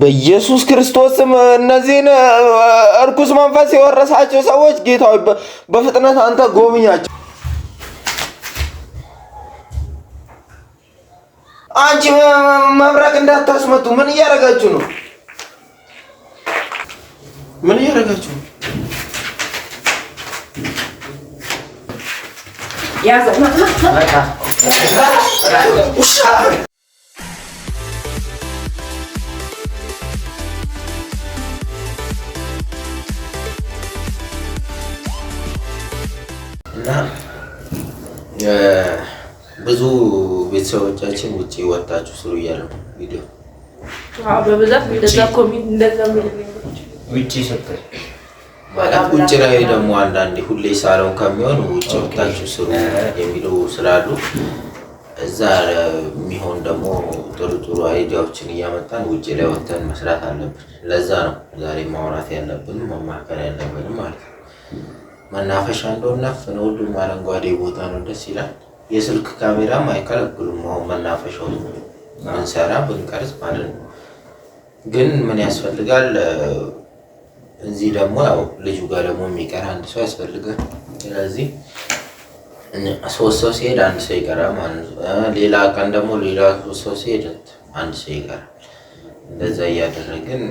በኢየሱስ ክርስቶስም እነዚህን እርኩስ መንፈስ የወረሳቸው ሰዎች ጌታ በፍጥነት አንተ ጎብኛቸው። አንቺ መብረቅ እንዳታስመቱ። ምን እያደረጋችሁ ነው? ምን እያደረጋችሁ ነው? ያዘ ቤተሰቦቻችን ውጭ ወጣችሁ ስሩ እያለ ነው ቪዲዮ በብዛት ውጭ ላይ ደግሞ አንዳንዴ ሁሌ ሳሎን ከሚሆን ውጭ ወጣችሁ ስሩ የሚሉ ስላሉ እዛ የሚሆን ደግሞ ጥሩ ጥሩ አይዲያዎችን እያመጣን ውጭ ላይ ወተን መስራት አለብን። ለዛ ነው ዛሬ ማውራት ያለብን መማከር ያለብን ማለት ነው። መናፈሻ እንደሆነ ሁሉም አረንጓዴ ቦታ ነው፣ ደስ ይላል። የስልክ ካሜራም አይከለክሉም። አሁን መናፈሻው ብንሰራ ብንቀርጽ ማለት ነው። ግን ምን ያስፈልጋል? እዚህ ደግሞ ያው ልጁ ጋር ደግሞ የሚቀር አንድ ሰው ያስፈልጋል። ስለዚህ ሶስት ሰው ሲሄድ አንድ ሰው ይቀራል ሌላ ቀን ደግሞ ሌላ ሶስት ሰው ሲሄድ አንድ ሰው ይቀራል። እንደዛ እያደረግን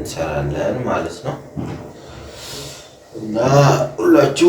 እንሰራለን ማለት ነው እና ሁላችሁ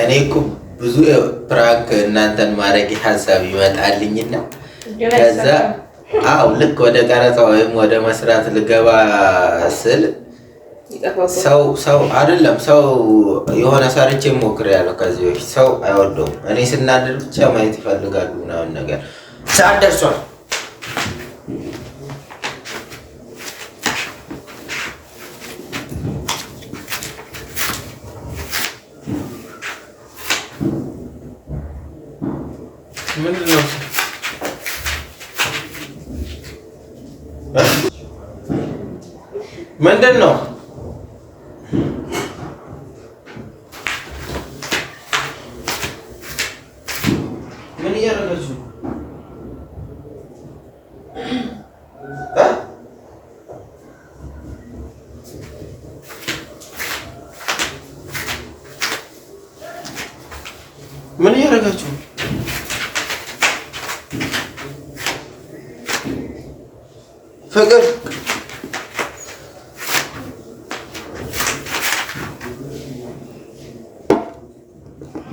እኔ እኮ ብዙ ፕራንክ እናንተን ማድረግ ሀሳብ ይመጣልኝና ከዛ አው ልክ ወደ ቀረጻ ወይም ወደ መስራት ልገባ ስል ሰው ሰው አይደለም ሰው የሆነ ሰርቼ ሞክር ያለው ከዚህ በፊት ሰው አይወደውም። እኔ ስናደር ብቻ ማየት ይፈልጋሉ ምናምን ነገር ሰዓት ደርሷል። ምንድን ነው? ምን እያደረገች ነው?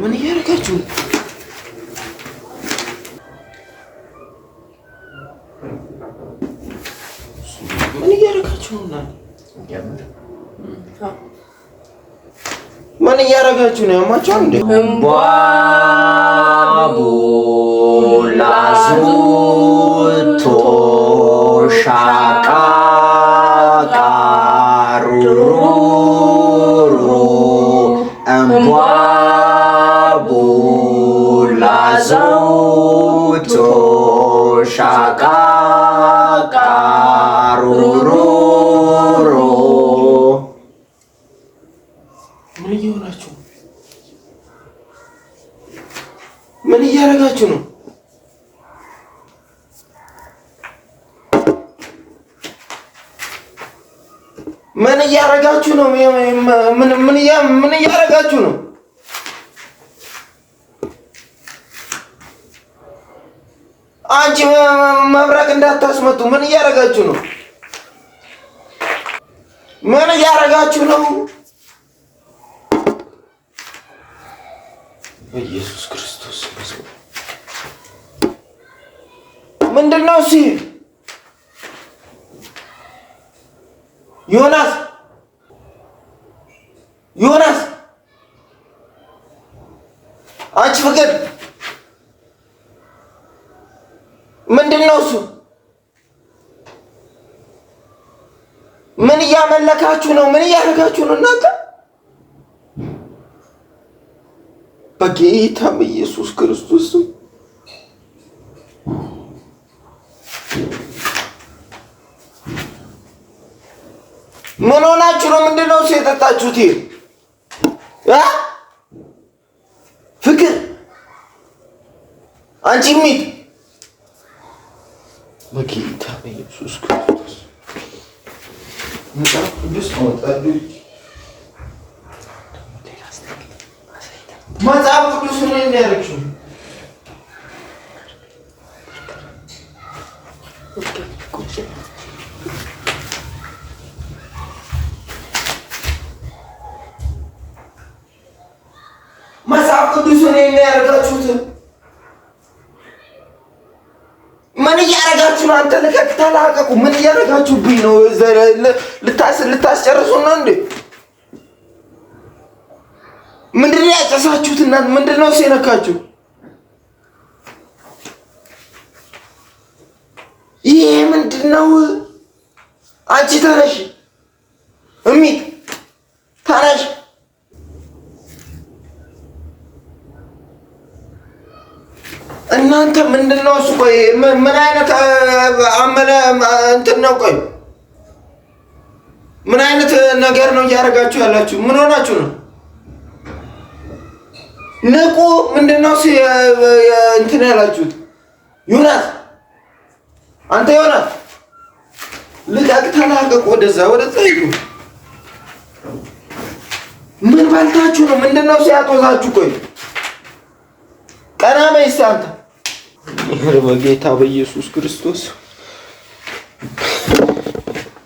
ምን እያደረጋችሁ ምን እያደረጋችሁ ነው? ምን እያደረጋችሁ ነው? ያማችኋል እንዴ? እምቧቡላሱቶሻ ሻቃ ምን እየሆናችሁ ምን እያደረጋችሁ ነው? ምን እያደረጋችሁ ነው? ምን እያደረጋችሁ ነው? አንቺ መብረቅ እንዳታስመቱ። ምን እያደረጋችሁ ነው? ምን እያደረጋችሁ ነው? ኢየሱስ ክርስቶስ ምንድን ነው? እሱ ዮናስ ዮናስ አንቺ ፍቅር ምንድን ነው እሱ? ምን እያመለካችሁ ነው? ምን እያደረጋችሁ ነው እናንተ? በጌታም ኢየሱስ ክርስቶስ ምን ሆናችሁ ነው? ምንድን ነው እሱ የጠጣችሁት? ፍቅር አንቺ ሚት Bakayım tabi Yesus Kristus. መጽሐፍ ቅዱስ ምን የሚያደርግሽ? መጽሐፍ ቅዱስ ምን የሚያደርጋችሁት? ተላቀቁ። ምን እያደረጋችሁብኝ ነው? ልታስጨርሱ ነው እንዴ? ምንድን ነው ያጨሳችሁት? እና ምንድን ነው ይሄ ምንድነው ነው? አንቺ ተነሽ እሚ ተነሽ እናንተ ምንድን ነው እሱ? ቆይ ምን አይነት አመለ እንትን ነው? ቆይ ምን አይነት ነገር ነው እያደረጋችሁ ያላችሁ? ምን ሆናችሁ ነው? ንቁ! ምንድን ነው እንትን ያላችሁት? ዮናስ፣ አንተ ዮናስ ልቀቅ፣ ተላቀቅ፣ ወደዛ ወደዛ ሂዱ። ምን ባልታችሁ ነው? ምንድን ነው ሲያጦዛችሁ? ቆይ ቀና በይ እስኪ አንተ በጌታ በኢየሱስ ክርስቶስ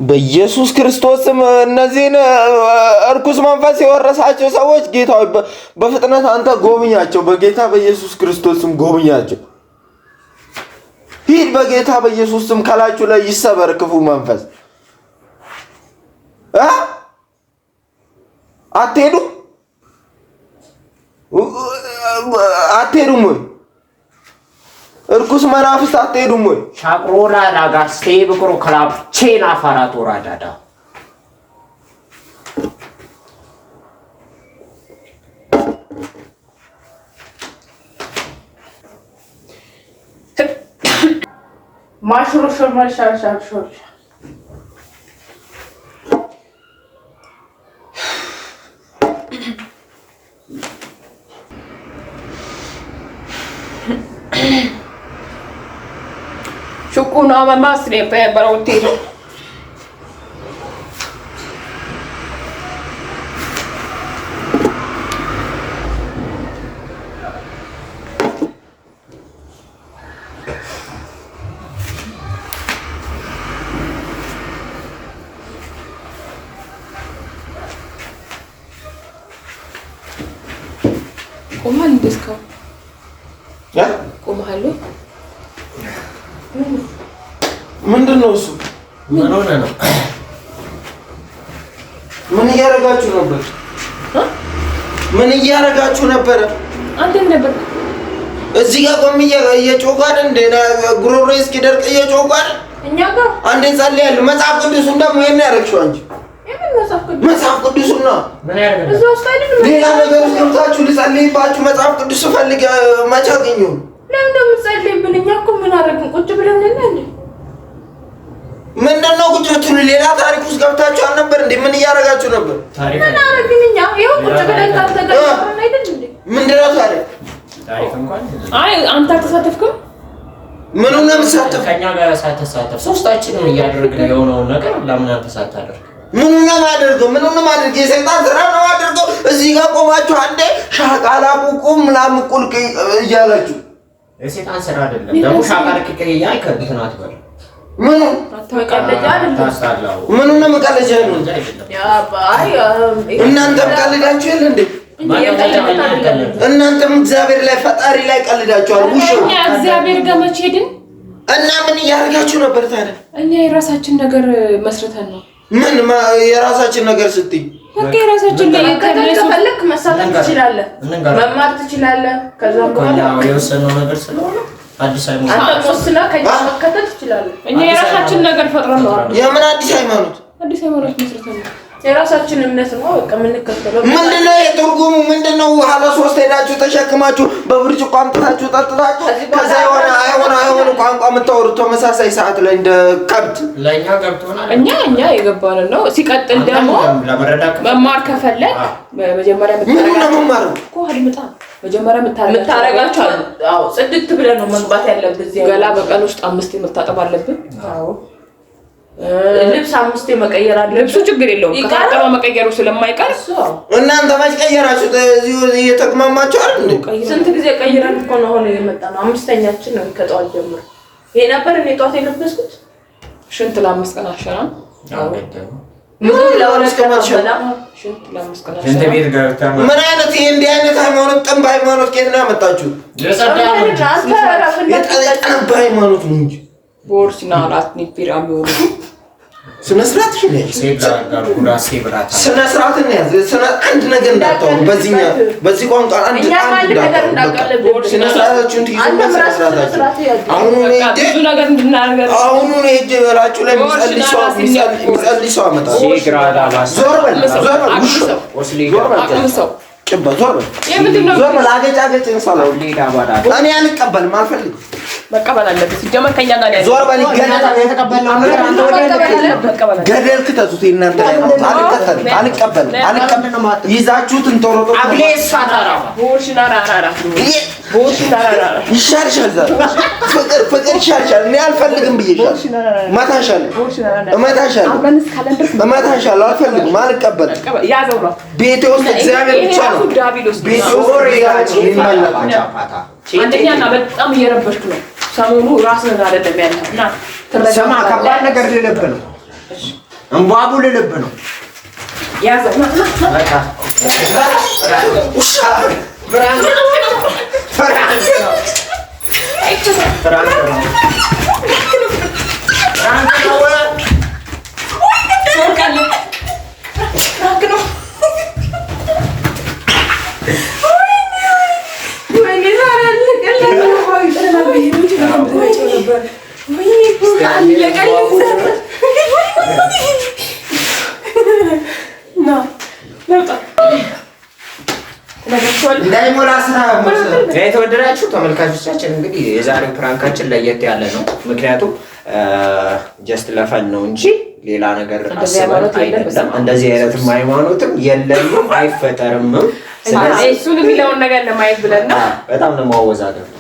በኢየሱስ ክርስቶስም እነዚህን እርኩስ መንፈስ የወረሳቸው ሰዎች ጌታ በፍጥነት አንተ ጎብኛቸው። በጌታ በኢየሱስ ክርስቶስም ጎብኛቸው። ሂድ። በጌታ በኢየሱስም ከላችሁ ላይ ይሰበር ክፉ መንፈስ። አትሄዱ አትሄዱም ወይ? እርኩስ መናፍስት አትሄዱም ወይ? ሻቅሮና ናጋስቴ ብቅሮ ክላብቼን አፋራት ወራዳዳ ማሽሮሾር ማሻሻሾር Sukunaamme Masriepeen Como Komm é, mal, Disco. Ja? É? Como hallo. É, ja. ምንድን ነው እሱ? ምን ሆነ ነው? ምን እያደረጋችሁ ነበር? ምን እያደረጋችሁ ነበረ? አንተም ነበር እዚህ ጋር ቆም እየጮጋል እንደ ጉሮሮ እስኪደርቅ እየጮጋል። እኛ ጋር አንዴ ጸልያለሁ። መጽሐፍ ቅዱስን ደግሞ ይሄን ያደረግሽው አንቺ መጽሐፍ ቅዱስን ነው ሌላ ነገር ውስጥ ገብታችሁ ልጸልይባችሁ መጽሐፍ ቅዱስ ፈልግ መቻገኘው ለምን እንደምትጸልይብን እኛ እኮ ምን አደረግን? ቁጭ ብለን ምንድን ነው ቁጭ ሌላ ታሪክ ውስጥ ገብታችሁ አልነበር እንዴ? ምን እያደረጋችሁ ነበር? ታሪክ ታሪክ? አይ አንተ አልተሳተፍክም። ምን ነው የምትሳተፍ? ከኛ ጋር ሳትሳተፍ ሶስታችንም እያደረግን የሆነውን ነገር ለምን አንተ ሳታደርግ? ምን ነው የማደርገው? ምን ነው የማደርገው? የሰይጣን ስራ ነው የማደርገው። እዚህ ጋር ቆማችሁ አንዴ ሻቃላ ቁቁም ላምቁል እያላችሁ የሰይጣን ስራ አይደለም ደግሞ ሻቃላ ከቀያ ይከብትናት በል ምን ነው መቀለጃ ያለው? እናንተ ቀልዳችሁ የለ እንዴ? እናንተም እግዚአብሔር ላይ ፈጣሪ ላይ ቀልዳችኋል። ውሽ እግዚአብሔር ጋር መቼ ሄድን እና ምን እያደረጋችሁ ነበር ታዲያ? እኛ የራሳችን ነገር መስርተን ነው። ምን የራሳችን ነገር ስትይ በቃ የራሳችን ላይ ከፈለክ መሳተፍ ትችላለህ፣ መማር ትችላለህ። ከዛም በኋላ የወሰነው ነገር ስለሆነ አዲስ ሃይማኖት ወስና ከኛ መከተል ትችላለህ። እኛ የራሳችን ነገር ፈጥረን ነው። የምን አዲስ ሃይማኖት? አዲስ ሃይማኖት መስርተን የራሳችን እምነት ነው የምንከተለው። ምንድነው የትርጉሙ? ምንድነው ሀለ ሶስት ሄዳችሁ ተሸክማችሁ በብርጭቆ አምጥታችሁ ጠጥታችሁ ከዛ የሆነ አይሆን አይሆን ቋንቋ የምታወሩት ተመሳሳይ ሰዓት ላይ እንደ ከብት ለእኛ ገብቶናል። እኛ እኛ የገባንን ነው። ሲቀጥል ደግሞ መማር ከፈለግ መጀመሪያ ምንድነው መማር ነው። መጀመሪያ የምታረጋቸው አሉ ጽድት ብለህ ነው መግባት ያለብህ። ገላ በቀን ውስጥ አምስት መታጠብ አለብን። ልብስ አምስቴ መቀየር አለ። ልብሱ ችግር የለውም ከታጠበ መቀየሩ ስለማይቀር እናንተ መች ቀየራችሁ? እዚሁ እየተቅማማችሁ አይደል? ስንት ጊዜ ቀይረን እኮ ነው አሁን የመጣ ነው። አምስተኛችን ነው ከጠዋት ጀምሮ ይሄ ነበር እኔ ጠዋት የለበስኩት ሽንት ለአምስት ቀን አሸናም ምን አይነት ይህ እንዲህ አይነት ሃይማኖት ጥንብ ሃይማኖት ከየት ነው ያመጣችሁ? የጠነባ ሃይማኖት ነው እንጂ ስነ ስርዓት ስነ ስርዓት እንያዝ። አንድ ነገር እንዳታወሩ በዚህ በዚህ ቋንቋ አንድ አንድ አሁኑ በላችሁ ላይ የሚጸልይ ሰው አመጣለሁ። ዞር በል ዞር በል እኔ አልቀበልም፣ አልፈልግም። መቀበል አለበት። ሲጀመር ከኛ ጋር ዞር በል። ገደል ክተቱት። እናንተ አልቀበልም፣ አልቀበልም። ይዛችሁት እንተሮጦ ይሻልሻል። ፍቅር ፍቅር ይሻልሻል። እኔ አልፈልግም ብዬሻል። እመታሻለሁ፣ እመታሻለሁ፣ እመታሻለሁ። አልፈልግም፣ አልቀበልም። ቤቴ ውስጥ እግዚአብሔር ብቻ ነው። ቤቴ ውስጥ አንደኛና በጣም እየረበሽኩ ነው ሰሞኑ ራስ ነው አይደለም ያለው እና ከባድ ነገር ልልብህ ነው። እንቧቡ ልልብህ ነው። ፍራንክ ነው የተወደዳችሁ ተመልካቾቻችን እንግዲህ የዛሬው ፕራንካችን ለየት ያለ ነው። ምክንያቱም ጀስት ለፈን ነው እንጂ ሌላ ነገር አስበን አይደለም። እንደዚህ አይነትም ሃይማኖትም የለንም አይፈጠርምም። እሱን የሚለውን ነገር ለማየት ብለን በጣም ነው